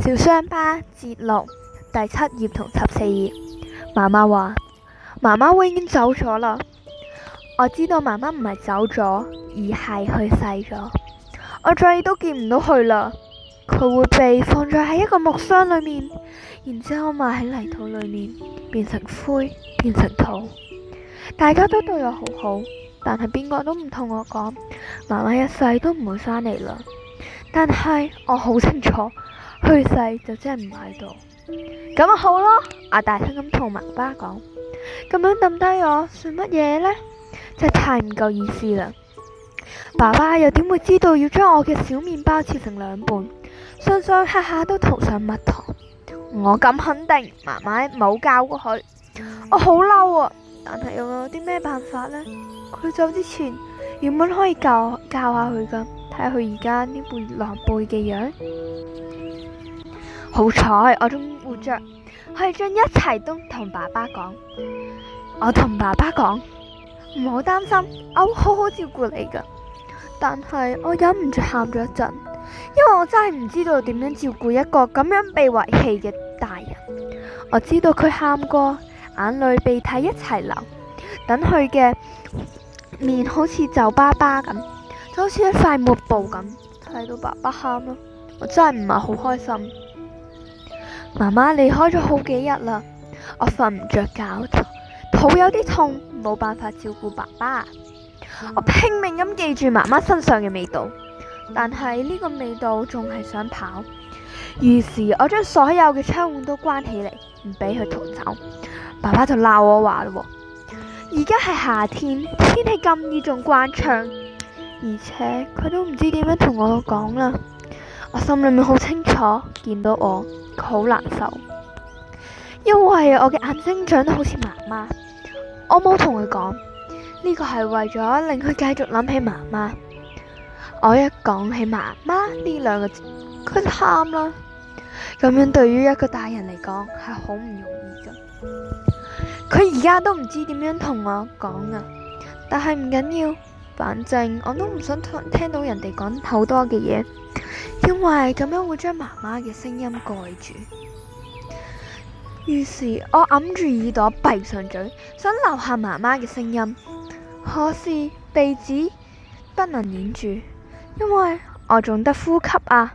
小傷疤節錄第七頁同十四頁。媽媽話：媽媽已經走咗啦。我知道媽媽唔係走咗，而係去世咗。我再都見唔到佢啦。佢會被放在喺一個木箱裏面，然之後埋喺泥土裏面，變成灰，變成土。大家都對我好好，但係邊個都唔同我講，媽媽一世都唔會翻嚟啦。但係我好清楚。去世就真係唔喺度，咁啊好咯！我大聲咁同爸爸講，咁樣抌低我算乜嘢呢？真係太唔夠意思啦！爸爸又點會知道要將我嘅小麵包切成兩半，上上下下都塗上蜜糖？我敢肯定，媽媽冇教過佢。我好嬲啊！但係又有啲咩辦法呢？佢走之前原本可以教教下佢噶，睇下佢而家呢半狼狽嘅樣。好彩我仲活着，可以將一切都同爸爸講。我同爸爸講，唔好擔心，我會好好照顧你㗎。但係我忍唔住喊咗一陣，因為我真係唔知道點樣照顧一個咁樣被遺棄嘅大人。我知道佢喊過，眼淚鼻涕一齊流，等佢嘅面好似皺巴巴咁，就好似一塊抹布咁。睇到爸爸喊咯，我真係唔係好開心。媽媽離開咗好幾日啦，我瞓唔着覺，肚有啲痛，冇辦法照顧爸爸。我拼命咁記住媽媽身上嘅味道，但係呢個味道仲係想跑。於是，我將所有嘅窗戶都關起嚟，唔俾佢逃走。爸爸就鬧我話咯：而家係夏天，天氣咁熱，仲關窗，而且佢都唔知點樣同我講啦。我心裏面好清楚，見到我。好難受，因為我嘅眼睛長得好似媽媽，我冇同佢講呢個係為咗令佢繼續諗起媽媽。我一講起媽媽呢兩個字，佢喊啦。咁樣對於一個大人嚟講係好唔容易嘅。佢而家都唔知點樣同我講啊，但係唔緊要。反正我都唔想聽，聽到人哋講好多嘅嘢，因為咁樣會將媽媽嘅聲音蓋住。於是，我揞住耳朵，閉上嘴，想留下媽媽嘅聲音。可是，鼻子不能掩住，因為我仲得呼吸啊。